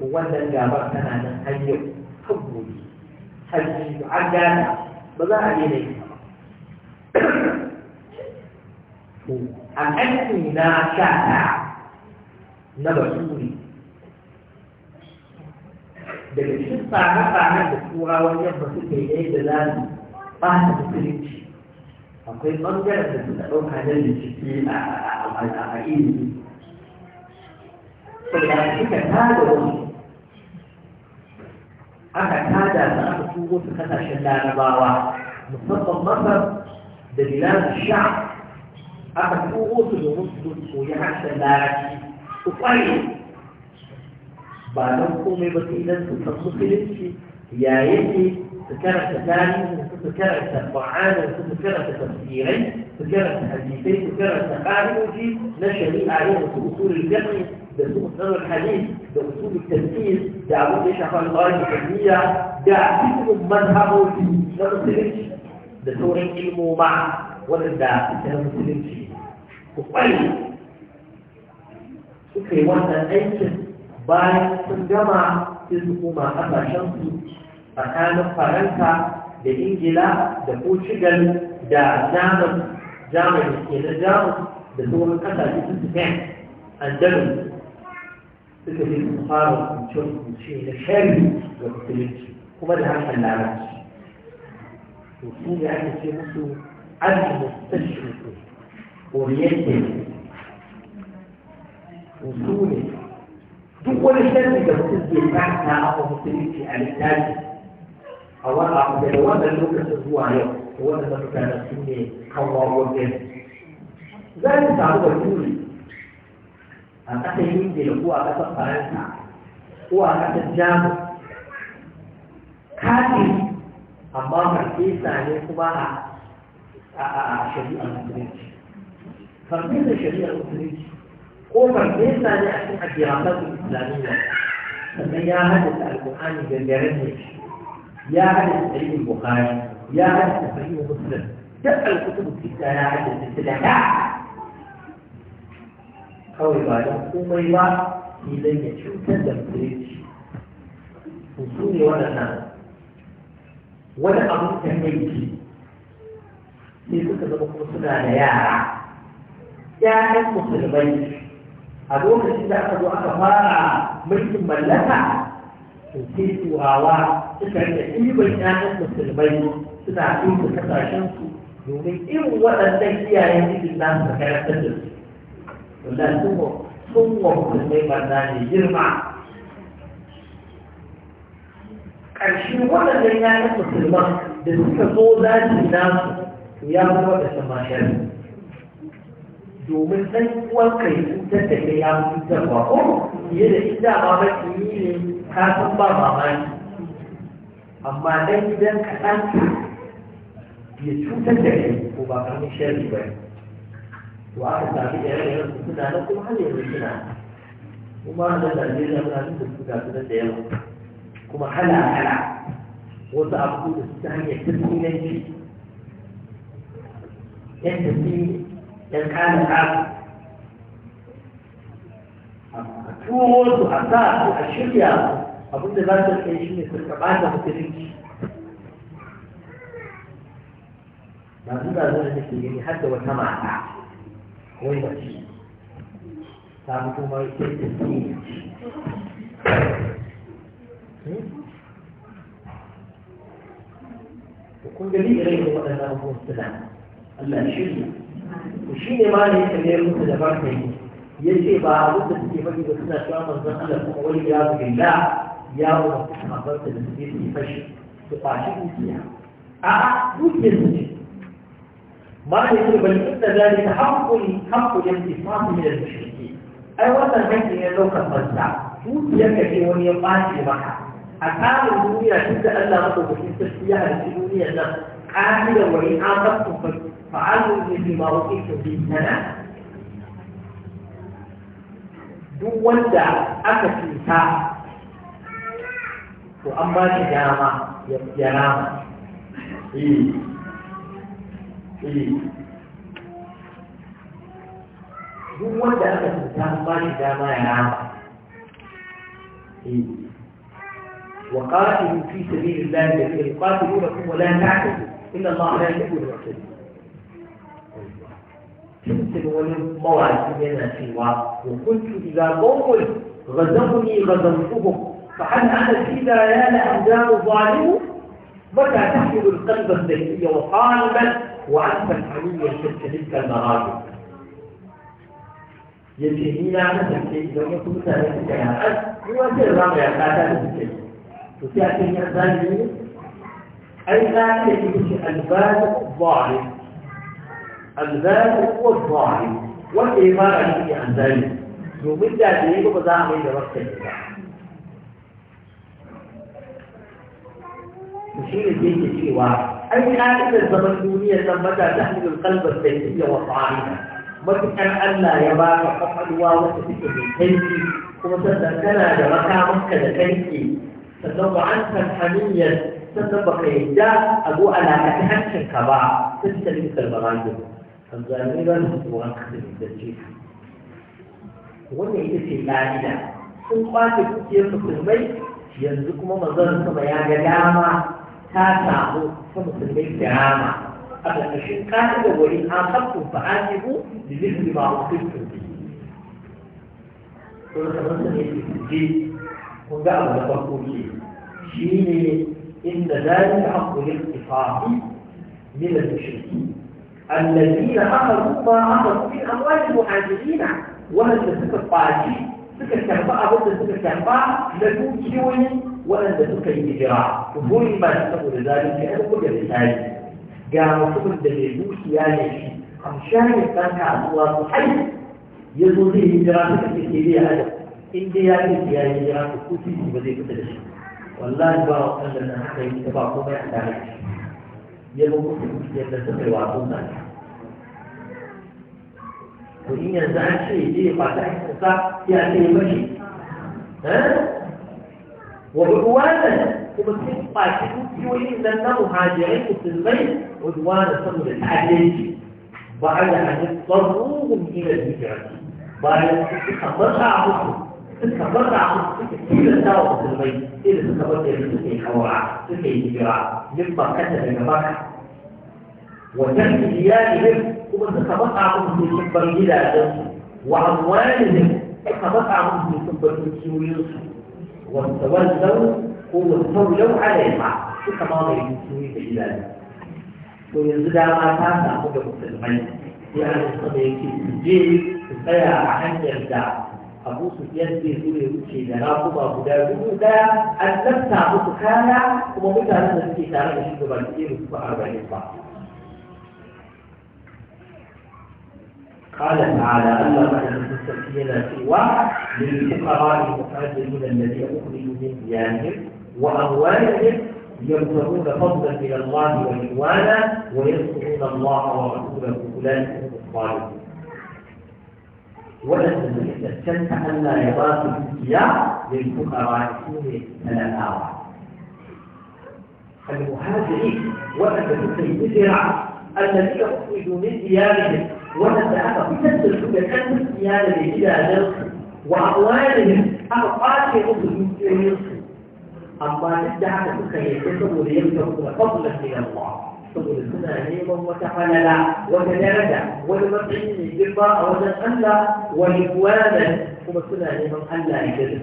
wannan gabar tana nan har yau har gobe har yanzu an gane ba za a daina yi ba a ƙarfi na sha ta na basuri daga cikin tsare-tsaren da turawan yamma suke yi da za su ba ta musulunci akwai ɓangaren da suka ɗauka na bincike a ilimi saboda suka tada wasu aka tada da aka turo su kasashen larabawa musamman masar da bilan sha aka tuho su domin su koyi harshen larabci su kware ba don komai ba sai idan su san musulunci ya yake su karanta tarihi su karanta ba'anin su karanta tafsirai su karanta hadisai su karanta ƙa'idoji na shari'a yau su usulul fiqh da su usulul hadith da usulul tafsir da abin da ya shafa al-qur'ani tarbiyya da cikin manhajoji na musulunci da sauran ilmoma waɗanda suke na musulunci ku kwalle suka yi wannan aikin bayan sun gama sai su koma ƙasashensu tsakanin faranta da ingila da portugal da jamus jamus ke na jamus da sauran ƙasashe su spain andalus suka yi su fara kuce-kuce na shari da musulunci kuma da harshen larabci to su ne ake ce musu al-mustashriqun oriented usulin duk wani sharri da mutum zai kanta a musulunci a littafi a wani abu da wannan lokacin zuwa yau da wannan da mutane su ne kawo wajen za su samu baturi a ƙasar indiya ko a ƙasar faransa ko a ƙasar jamus kafin amma farfesa ne kuma a shari'ar musulunci فرقين الشريعة الأخرى كفر ليس لأحد الدراسات الإسلامية أما يا هذا القرآن جنجرنج يا هذا تحريم البخاري يا هذا تحريم مسلم تبقى الكتب الستة يا هذا السلاح أو إبادة أم في إذا يشوف كذا مدريش وصولي ولا نام ولا أبو تهميتي في كتب المقصود على يا رعب كانت مسلمين أبوك إذا أخذوا أخبارا من ثم لها تنسيت وعوا تكاد يجب أن كانت مسلمين تتعطيه بكتا شمس يومي إن وقت تكيا يجب الناس فكرة تدر ولا سمو سمو مسلمين برداني يرمع kan shi wannan ne ya yi musulman da suka zo zaji nasu ya zama da samashari domin ɗan uwanka ya cutar da kai ya cutar ba ko fiye da ita ma mafi ne ka san ba mamaki amma dan gidan ka ɗan ya cutar da kai ko ba karamin sharri ba to aka sami ire-iren su suna nan kuma har yanzu suna kuma da Najeriya muna da su ga su da yawa kuma hala-hala wasu abu da su ta hanyar tafiyanci yan tafiyanci in kana ta a turo su a sa su a shirya abinda za su kai shi ne su kaba da mutunci ba su da zuwa nake gani har da wata mata wai mace ta mutu mai kirkin ne وكل جميع غير وقتها هو السلام الله يشيرنا shi ne ma ne ya tsaye musu da barka yi ya ce ba abin da suke faɗi da suna cewa manzon Allah kuma wani ya zuwa da ya wa kamar da suke su fashi su fashi dukiya a dukiya su ce ma ne ce bal inda zalika haqqul haqqul intifaq da al-mushriki ai wannan hakki ne lokacin manza dukiyar ka ce wani ya ɓace maka a tsarin duniya duk da Allah maɗaukakin sarki ya halitta duniyar nan ƙa'idar wani an zaɓa فعلوا مثل إيه. إيه. ما به أنا duk wanda aka cuta to an إيه. ba shi dama وقاتلوا في سبيل الله الذين يقاتلونكم ولا تعتدوا ان الله لا يحب المعتدين تمثل إذا قوم غزوني غزوتهم فهل أنا في ذلال أمدان ظالم متى تحمل القلب الذكي وقالبا وأنت يشد تلك المراجع يجي هنا مثل اذا لو يكون مثلا كلام يواجه الرمي على ذلك وتأتي من ذلك أي لا يجب أن الظالم الباب والظاهر والإيمان عليه عن ذلك يمد يديه وزعمه لرسل الله تشير الدين أي آية الزمن الدنيا متى تحمل القلب السيدية والطعام ما تكن ألا يبان وقف الواء وتفكه في كيسي ثم تتكنا لركا مكد كيسي تتوقع عنك الحمية تتبقى إيجاد أبو ألا أتهمش الكبار تتكلم في المراجب amfani ba su da kasamitacce wannan ita ce ƙa'ida sun kwace kuke musulmai yanzu kuma manzon sama ya ga dama ta samu ta musulmai kirama a ƙarƙashin ƙa'ida wani an haɓɓu ba an yi ku da zirgi ba a kusurtu ne. Kuma kamar sun yi je kun ga abu na farko ke shi ne inda zalika haƙƙulin ifafi milan shirki الذين أخذوا ما أخذوا في أموال المهاجرين وهل تسكى الطاعتين سكى الكهباء ضد سكى الكهباء لكم كيوي وأن تسكى الهجراء ما يسمى لذلك أنا كل رسالة قاموا سكى الدليلوش يعني عشان يتنكى الله حي يزول لي هجراء في كيوي هذا إن دي يعني يا هجراء كوتي يا كتلش والله بارك الله يا حتى يا قومي يا ذلك يا كتلش يا كتلش يا كتلش to in yanzu an ce ya je ba da kusa sai a ce mashi wa udwanan kuma sun ɓaci dukiyoyin nan na muhajirai musulmai udwanan saboda ta'addanci ba a da hannun tsarruhun ila hijira bayan suka matsa musu suka matsa musu suka tilasta wa musulmai sai da suka bar gari suka yi kawara suka yi hijira min bakata daga baka wa tarkiyya ilai kuma suka matsa musu ne sun bar gidajensu wa amwalihim suka matsa musu ne sun bar dukiyoyinsu wa tawallau ko wa tawallau alaiha suka mamaye dukiyoyi da gidaje to yanzu dama ta samu da musulmai sai an sama yake su je su tsaya a hanyar da abu su yadda su ne wuce da rakuma guda dubu daya an lafta musu kaya kuma mutanen da suke tare da shi gaba ɗaya da su ba arba'in ba قال تعالى ألا بعد المستكين سوى للفقراء المهاجرين الذين أخرجوا من ديارهم وأموالهم يبتغون فضلا من الله ورضوانا ويذكرون الله ورسوله أولئك هم الصالحون ولكن الشمس ألا رضاك الإياه للفقراء سوء الآوى المهاجرين وأن الذين أخرجوا من ديارهم وأن ذهب بكسر كان سيانة لإلى وأقوالهم أقوالهم بالمسلمين أما تدعى مكيفة وليمتك فضلا من الله تقول هنا نيما وتحللا وتدرجا والمطعين الجبا أو ألا وإخوانا ألا يجلس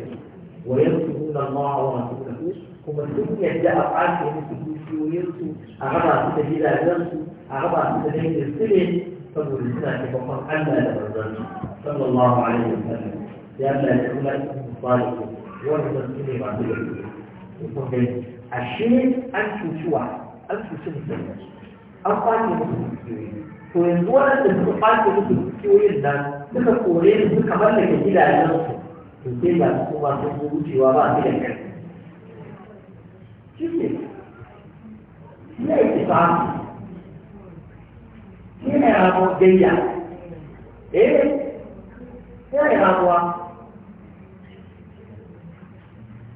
ويرسلون الله ورسوله هم الدنيا جاء أفعالهم في ويرسوا أغبى تتجيل النفس أغبى تتجيل السلم saboda suna taimakon Allah da manzanni sallallahu alaihi wasallam ya Allah ya kula da salihu wannan su ne masu gaske kun ga ashe an cuciwa an cuci musulmi an kwace musu dukiyoyi to yanzu waɗanda suka kwace musu dukiyoyin nan suka kore su suka mallake gidajensu to sai ba su kuma sun wucewa ba su da kai shi ne ya yi tafi هنا مرضية ايه هنا رضوة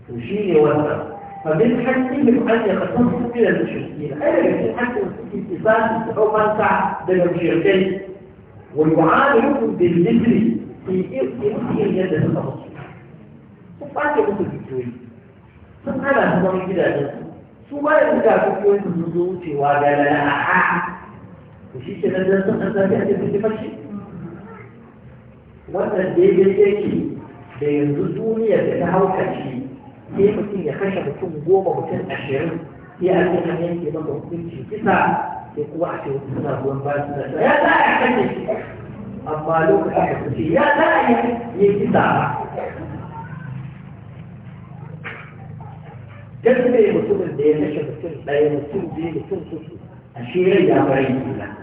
وشيني وزن فبالحكي بمحلق التصف إلى المشركين أنا في حكي في اتفاق السحوم أنفع بالمشركين ويعاملكم بالمثل في إرسل يد التفصيل سبحانك ممكن تكتوي سبحانك ممكن كده su ba da suka fi koyon su zo wucewa da lalaha to shi ke nan zan an zafi a cikin fashi wannan daidai yake da yanzu duniyar da ta hauka shi sai mutum ya kashe mutum goma mutum ashirin sai a ce an yanke maka hukunci kisa sai kuma a ce suna ruwan ba su da ya za a kashe shi amma lokacin da kuce ya za a yi ya kisa ba gaskiya mutumin da ya kashe mutum ɗaya mutum biyu mutum uku a shirin ya bari kila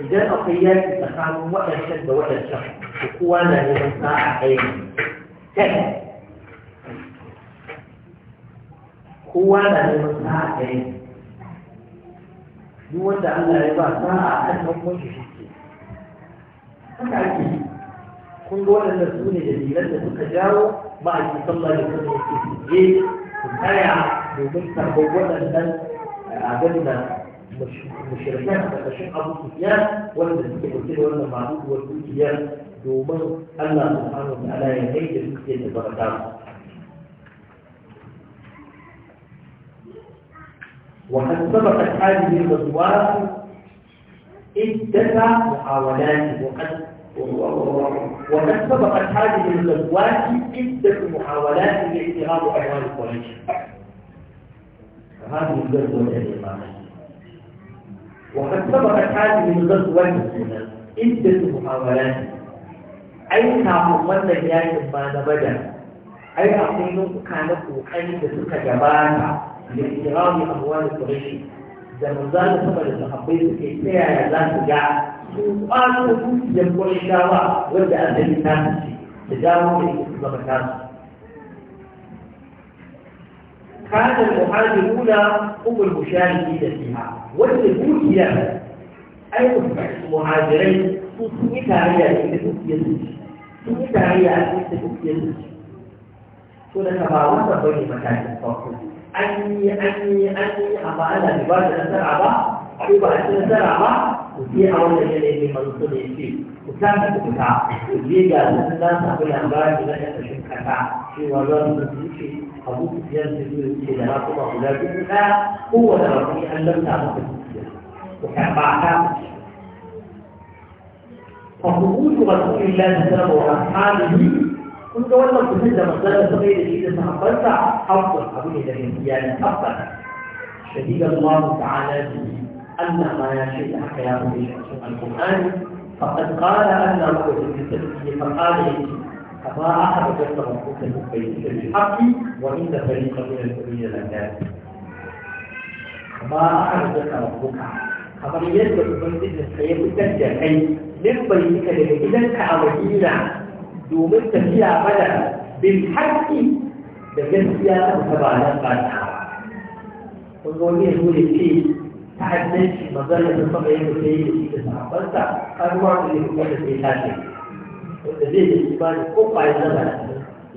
idan akwai yaki tsakanin waɗancan da waɗancan da kowa na neman sa'a ɗaya ne kowa na neman sa'a ɗaya ne duk wanda Allah ya ba a kan nan mun shi ke haka ake yi kun ga waɗannan su ne dalilan da suka jawo ma'aikin sallah da kuma yake eh, je su tsaya domin sabon waɗannan eh, a ganin مشركان ƙarƙashin abu sufiyan wanda suke ɗauke da wannan ma'adu wa dukiyar domin Allah subhanahu wa ta'ala ya kai da suke da barka وقد سبقت هذه الغزوات عدة محاولات وقد وقد سبقت هذه الغزوات عدة محاولات لاضطهاد أموال قريش هذه الغزوة الإمامية وقد سبق سبقت هذه النظر والمسلمة عدة محاولات أي كامل نعم، وانا جاي بعد بدا أي أقول كان أقول أن تلك جبانا لإجرام أموال قريش زمن ذات سبب الصحابي في كيفية الله جاء سؤال سبب جمع الشعوة ودى أدري الناس تجاوه في سبب الناس كان المحاذبون هم المشاركين فيها والنبوت لا أي مفعش مهاجرين تسمي تاريا إنك يزوج تسمي تاريا إنك يزوج كنا كباوان تبني مكان الفاصل أني أني أني أبا أنا لبارد أنسر أبا أبا أنسر أبا وفي أول الذي منصوب فيه وكان بكتا وجيجا سنة أقول أنبارك لا يتشم كتا في والله مسلسي أبو سفيان سيقول في دراكم أولا بكتا هو نرمي أن لم تعمل وكان بعدها فخروج رسول الله صلى الله عليه وسلم وأصحابه kun ga wannan kudin da manzara ta bai da shi da sahabbansa afdal abu ne da mai iyali afdal shahidallahu ta'ala bihi أن ما يشد حكيان في القرآن فقد قال أن رؤوس التسلسل فقال ما أحد يفتر رؤوس المبين بالحق وإن فريق من المبين لم يكن ما أحد ربك فقد يجب أن تكون سيد التسلسل أي للبين كلمة إذا كعوديلا فيها بلا بالحق بجد فيها أبو سبعنا قادها وقولي هو للشيء ta'addanci magana da kuma yin da yi da shi da sahabbansa har ma da yin wanda sai tashi wanda zai da imani ko kwayan zama da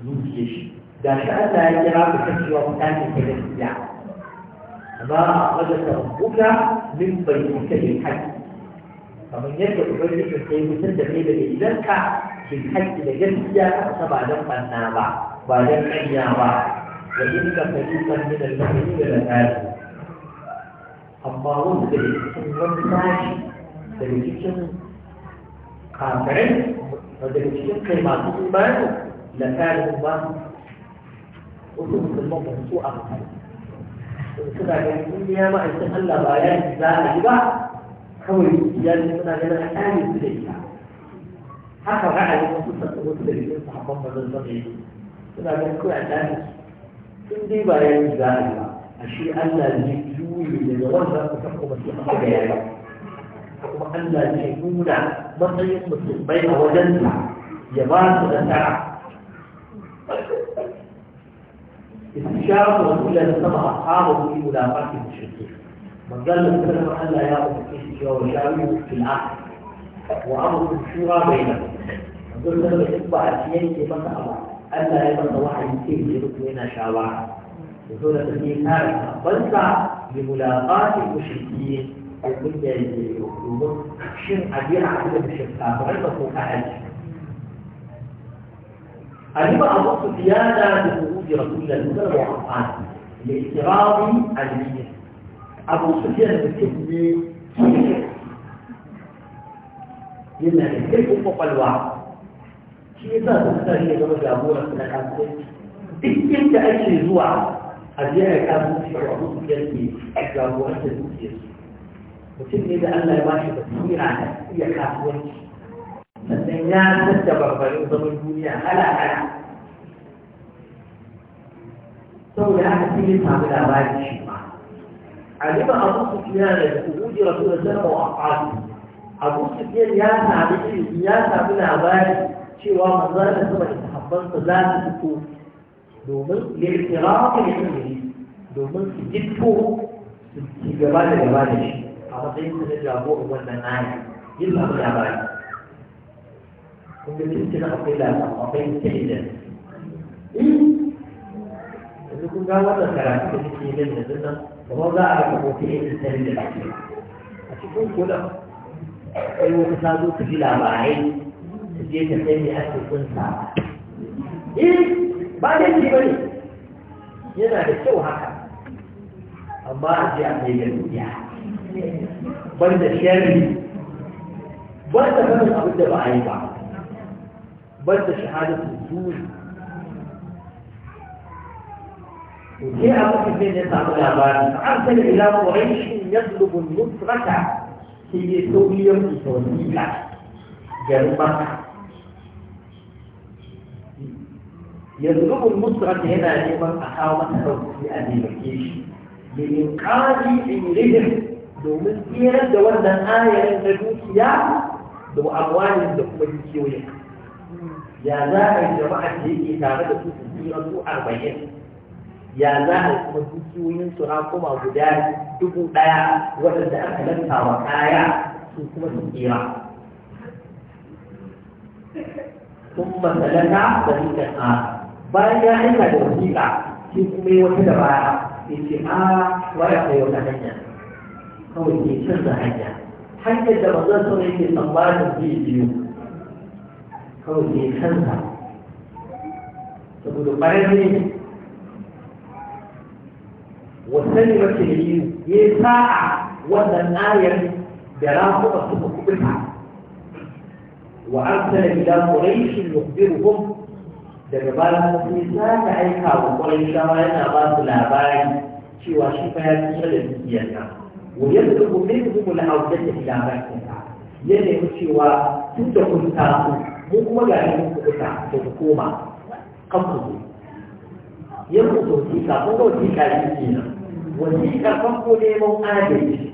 zuciya shi ga shi Allah ya kira ku ta cewa ku tashi ta gaskiya amma a wajen buga min ta bil haqqi kamar yadda ubangiji sai mutum da kai daga gidanka bil haqqi da gaskiya ka ba don banna ba ba don ƙarya ba wa inna fariqan min al-mu'minina la ta'lamun amma wanda da cikin wani sashi daga cikin kafirai da rikicin kai masu imani da tsarin ba wasu musulman ba su a kai suna ganin indiya ma'aikin allah ba ya za a yi ba kawai iyali suna ganin a tsari su da ita haka ra'ayin wasu sassan wasu da cikin sahabban mazan zama yi suna da kawai a tsari sun dai ba ya yi za a yi ba a shi allah ne ولكن يجب ان يكون هناك اشياء اخرى في المنطقه التي يجب ان يكون هناك اشياء اخرى في المنطقه التي يجب ان يكون هناك اشياء اخرى في المنطقه التي يجب ان يكون هناك اشياء اخرى في المنطقه التي يجب ان يكون هناك ان يكون هناك في المنطقه التي في المنطقه التي يجب ان يكون هناك اشياء اخرى في في المنطقه التي ان يكون هناك اشياء اخرى في المنطقه التي يجب ان يكون هناك لملاقاة المشركين يكون يكون شن أبيع عدد الشركات وغير مكاعد ألم أبو زيادة بوجود رسول الله صلى الله عليه وسلم لاعتراض الدين أبو سفيان بالتسمية لما يملك فوق الوعد shi yasa sun sa shi ya zama jagora na kasuwanci duk قد يكون في عروض جلبي أجل وقت المسير وتبني إذا أن الواحد تكون على أي خاصوة فالنيا تتبر فالنظم الدنيا هلا هلا سوى لها كثير من الأبعاد علم أبو سفيان بخروج رسول الله وأفعاله أبو سفيان يا سعدي يا سعدي أبادي شوى من ذلك ثم تحفظت ذات الدكتور دومن لإعتراف لأمه دومن جدته في جبال الجبال هذا قيمة الجابو هو المناعي جل أبو جابان ومن تنسينا أقل الله وقيم تحيدا إيه إذا كنت قال هذا في كنت تحيدا من الزنة وهو لا أعرف أبو تحيدا تحيدا أشكون كله أي وقصادو تجي لأبعين تجي في أشكون سعب إيه ba ne ji bane yana da kyau haka amma a ji a mai da ban da shari ban da sanin abin da ba a yi ba ban da shahadatun zuri sai a mutum ne ya samu labari an sani ila ƙwarai yaslubun nusrata sai ya sauriyar da sauriyar garin maka يضرب المصرف هنا لما أحاول في أمريكيش لإنقاذ إنجلترا لو من كيرا دولنا آية النجوسية لو أموال الدكتورية يا زاهر جماعة دي إدارة تسجيرة أربعين يا زاهر مدوسوين سراكم أبدان دبو دايا وتدعى كلمة وكايا سوكم سجيرة ثم ثلاثة فريقة آخر bayan ya aika da wasiƙa shi kuma yi wata dabara ya ce a waya ko yau da hanya kawai ke canza hanya hanyar da manzon sama yake tsammanin zai biyu kawai ke canza saboda ne, wasani mace da yi ya sa'a wannan ayar da rafuka suka kubuta wa arsala ila quraish yukhbiruhum daga baya sai za ka aika wa ƙwarin shawa yana ba su labari cewa shi fa ya tsira da dukiyar ta. wayar da kuma yin zuwa la'autar da ilabar ta ya nemi cewa tun da kun taso mu kuma ga yi muku kuta da ku koma kan ku zo ya rubuta wasiƙa kun ga wasiƙa shi ke nan wasiƙa farko neman adalci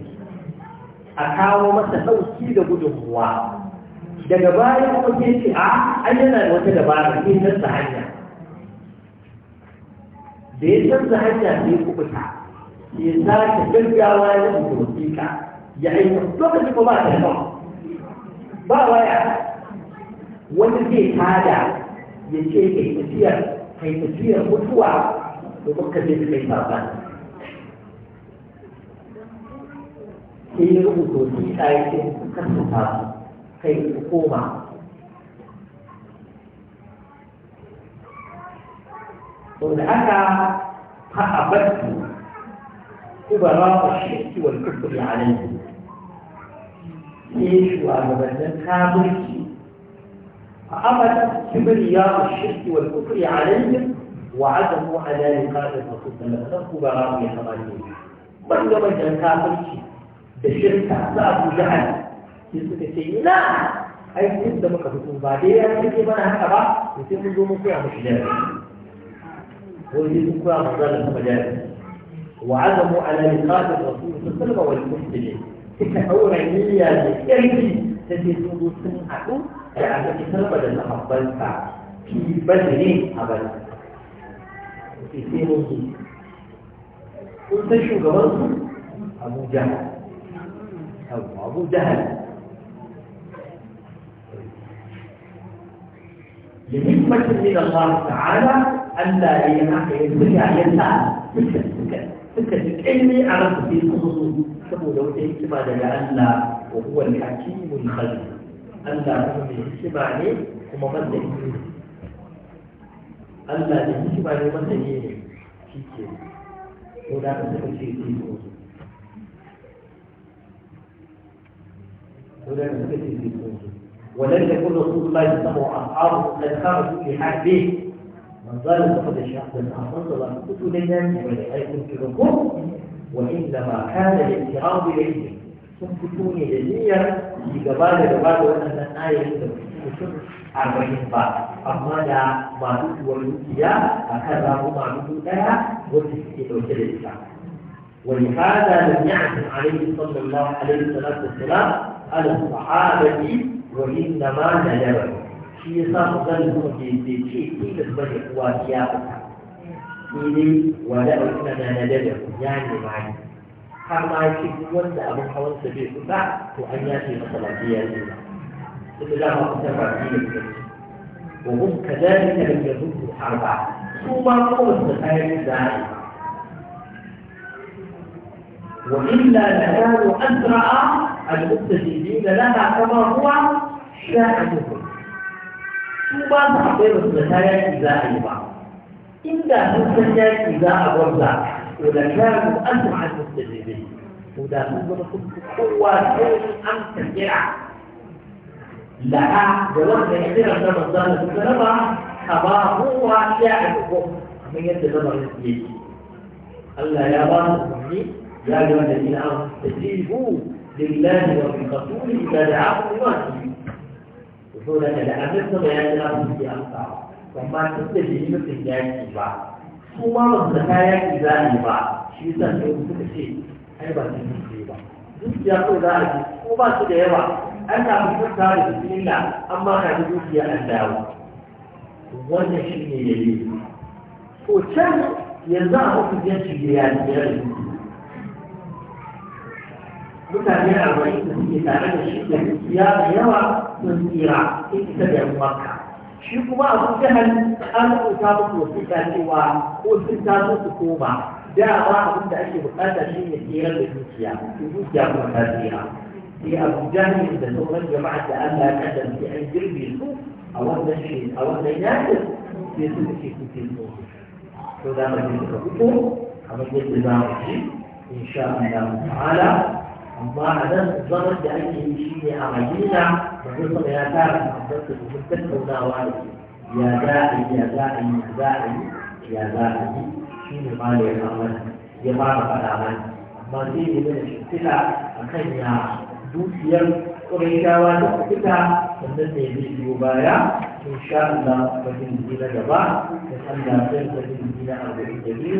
a kawo masa ɗauki da gudunmuwa daga baya kuma ke ce a an yana da wata dabara sai canza hanya da ya canza hanya ne kubuta ya sake gaggawa ya rubuta wasiƙa ya aiki lokacin ba ba ta ba waya wani zai tada ya ce kai tafiyar kai tafiyar mutuwa domin ka je kai sabani sai yi rubuta wasiƙa ya ce ka kasa هي الحكومة koma أنا da كبراء fa'abattu والكفر shirki ليش kufri alaihi sai فأمر كبرياء الشرك والكفر عليهم وعزموا على لقاء الرسول صلى الله عليه وسلم كبراء يا حمالين من لما كان كافر شيء أبو جهل sai suka ce ina ai duk da muka fito ba dai ya kike mana haka ba to sai mun zo mun koya mushi jari ko sai mun koya mu zalla kuma jari wa azamu ala liqati rasul sallallahu alaihi wasallam suka daura niyya da kirki ta ce sun zo sun haɗu da annabi sallallahu da sahabbansa fi badri a bana sai sai mun zo kun san shugaban su Abu Jahal Abu Jahal بحكمة من الله تعالى أن لا ينسى ينسى تلك الفكر تلك العلم عرفت في خصوصه سبب لو على لأن وهو الحكيم الخبير ألا هم يهكما عليه هم من ألا يهكما عليه من تهكما شيء هناك سبب في خصوصه هناك سبب في ولم يكن رسول الله صلى الله عليه وسلم قد خرجوا في حربه من ظل فقد الشخص الله وقفت ليلا ولكن في الركوب وانما كان الاعتراض اليه ثم كتوني ne في niyyar yi وان الايه gaba da waɗannan ayoyin da mutum arba'in ba amma da masu tuwar dukiya ولهذا لم يعزم عليه صلى الله عليه وسلم والسلام على الصحابة وإنما ندبه shi ya sa mu zan kuma ke ce ce tilas ba ne kuwa ya fita ni dai wada a kuna na na dada ya ne ma ni har ma ce wanda abin hawansa bai kusa to an ya ce masa ba ya ce ba duk da ma kusa ba shi ne ko hum kadalika lam yazuku harba su ma ko su kai da ai wa illa la kanu azra'a المستجيبين لها كما هو شاهدهم ثم تعطي المتايا إذا أيضا إنك مستجيب إذا أبرزا وإذا كانوا أنتم على المستجيبين وإذا كنتم قوة كون أم تجيع لها جواب يحضر أن رمضان الزرمة أبا هو شاهدكم من يد الزمن الله يا بابا يا أيها الذين آمنوا استجيبوا لله وبرسوله إذا دعاه لما وصولا إلى أمرت بيان الأمر في أمطار وما تستجيب في الجاهل بعض kuma ba su da kayan izani ba shi yasa sai suka ce ai ba su yi ba dukiya ko za a ji ko ba su da yawa an samu kyauta da bismillah an ma ka dukiya an dawo wannan yayi to yanzu a hukuncin da mutane arba'in da suke tare da shi da ya da yawa sun tsira sun isa da makka shi kuma abu jihar an rubuta muku wasu ta cewa ko sun taso su koma dama abin da ake bukata shi ne tsira da zuciya zuciya kuma ta tsira sai abu jihar da sauran jama'a da allah ya kasance an girbe su a wannan shi a wannan yakin sai su ce su ke so to za mu je suka fito kamar yadda za mu ji in sha Allah ta'ala amma a nan zaman da ake yi shi ne a madina da kuma ya tara sabbata domin tattaunawa da su ya za a yi ya za a yi ya za a yi ya za a yi shi ne ma ya fara ya fara faɗa mana amma zai ne mana shimfiɗa a kan ya dukiyar ƙuraitawa da fita sannan ne zai biyo baya in sha Allah wajen jiki na gaba da Allah sai wajen jiki na arba'in da biyu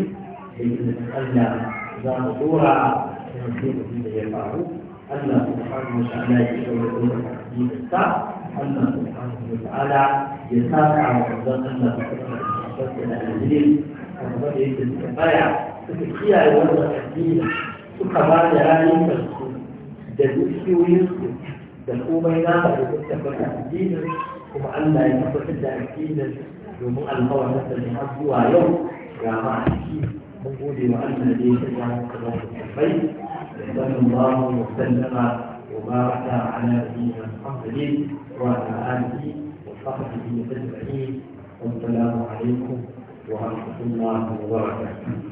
da da izinin Allah za mu dora الذين يفعلوا أن سبحانه وتعالى يشعر الأمة تحديد الساعة أن سبحانه وتعالى يسارع وعظم أن سبحانه إلى أهلين أكبر يد الكفاية فتبقي أيضا تحديد سكما لهذه الخصوص دلوكي ويسكت دلقوا بينها ويكتب الأهلين ومع أن يكتب الأهلين ومع الموضة اللي حصلوا يوم جامعة mun gode wa Allah da ya sanya muka da kai sallallahu alaihi wa sallama wa baraka ala nabiyyina Muhammadin wa ala alihi wa sahbihi ajma'in والسلام عليكم ورحمة الله وبركاته